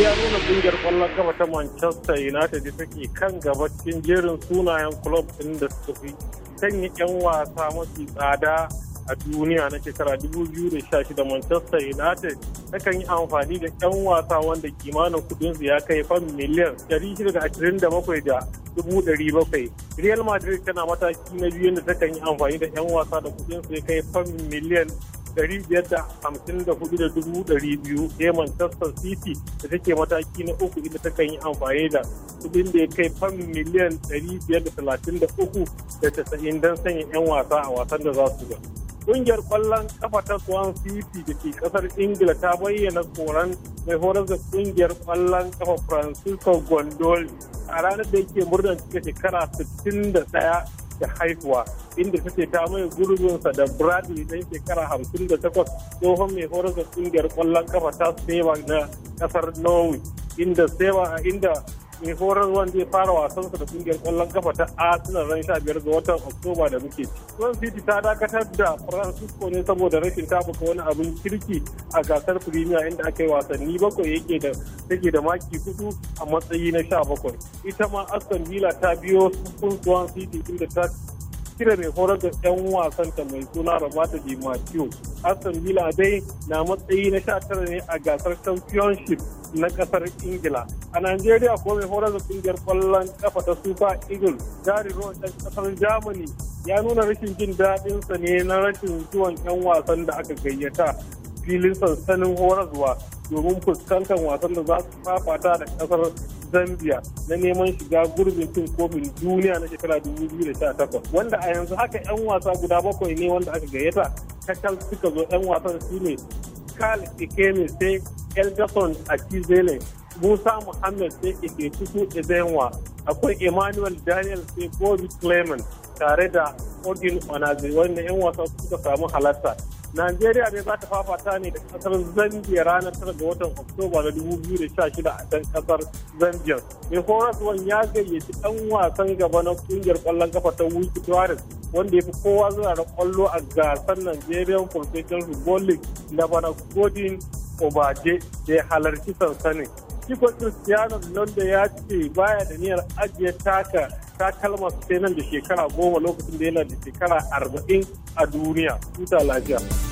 ya nuna kungiyar kwallon kafa ta manchester united take kan gaba cikin jerin sunayen club din da suka fi sanya 'yan wasa mafi tsada a duniya na shekara 2016 manchester united takan yi amfani da 'yan wasa wanda kimanin kudinsu ya kai fan miliyan 627,700 real madrid tana mataki na biyu da takan yi amfani da 'yan wasa da kudinsu ya kai fan miliyan biyu sai Manchester City da take mataki na uku inda ta kan yi amfani da kudin da ya kai fam miliyan biyar da da da talatin uku casa'in don sanya 'yan wasa a wasan da za su ga. Ƙungiyar ƙwallon kafa ta Swan City da ke ƙasar Ingila ta bayyana koran mai horar da ƙungiyar ƙwallon kafa Francisco Gondoli a ranar da yake murnar cika shekara 61 da haihuwa. inda take ta mai gurbinsa da bradley ɗan shekara hamsin da takwas tsohon mai horar da kungiyar kwallon kafa ta seba na kasar norway inda seba inda mai horar wanda ya fara wasansa da kungiyar kwallon kafa ta arsenal ran sha biyar ga watan oktoba da muke swan city ta dakatar da francisco ne saboda rashin tabuka wani abin kirki a gasar premier inda aka yi wasanni bakwai yake da take da maki hudu a matsayi na sha bakwai ita ma aston villa ta biyo sun swan city inda ta cire mai horar da 'yan wasanta mai suna Rabata Di Matthew. Aston Villa dai na matsayi na 19 ne a gasar Championship na kasar Ingila. A Najeriya ko mai horar da kungiyar kwallon kafa ta Super Eagles, Gary Rowan ɗan kasar Germany ya nuna rashin jin sa ne na rashin zuwan 'yan wasan da aka gayyata filin sansanin horarwa domin fuskantar wasan da za su fafata da kasar zambia na neman shiga gurbin cin kofin duniya na shekara 2018 wanda a yanzu haka 'yan wasa guda bakwai ne wanda aka gayyata kakal suka zo 'yan wasan su ne karl ikeme sai elderson a kizele musa muhammad sai ike tutu ezenwa akwai emmanuel daniel sai bobby clement tare da odin onazi wanda 'yan wasa suka samu halarta Najeriya ne za ta fafata ne da kasar Zambia ranar tara ga watan Oktoba na 2016 a can kasar Zambia. Mai horaswan ya gayyaci ɗan wasan gaba na ƙungiyar ƙwallon kafa ta Wiki Tuwaris wanda ya fi kowa zuwa da kwallo a gasar najeriya Professional Football League na bana Godin Obaje da ya halarci sansanin. Kiko Cristiano Ronaldo ya ce baya da niyyar ajiye taka takalma sai nan da shekara goma lokacin da yana da shekara arba'in a duniya. Tuta lafiya.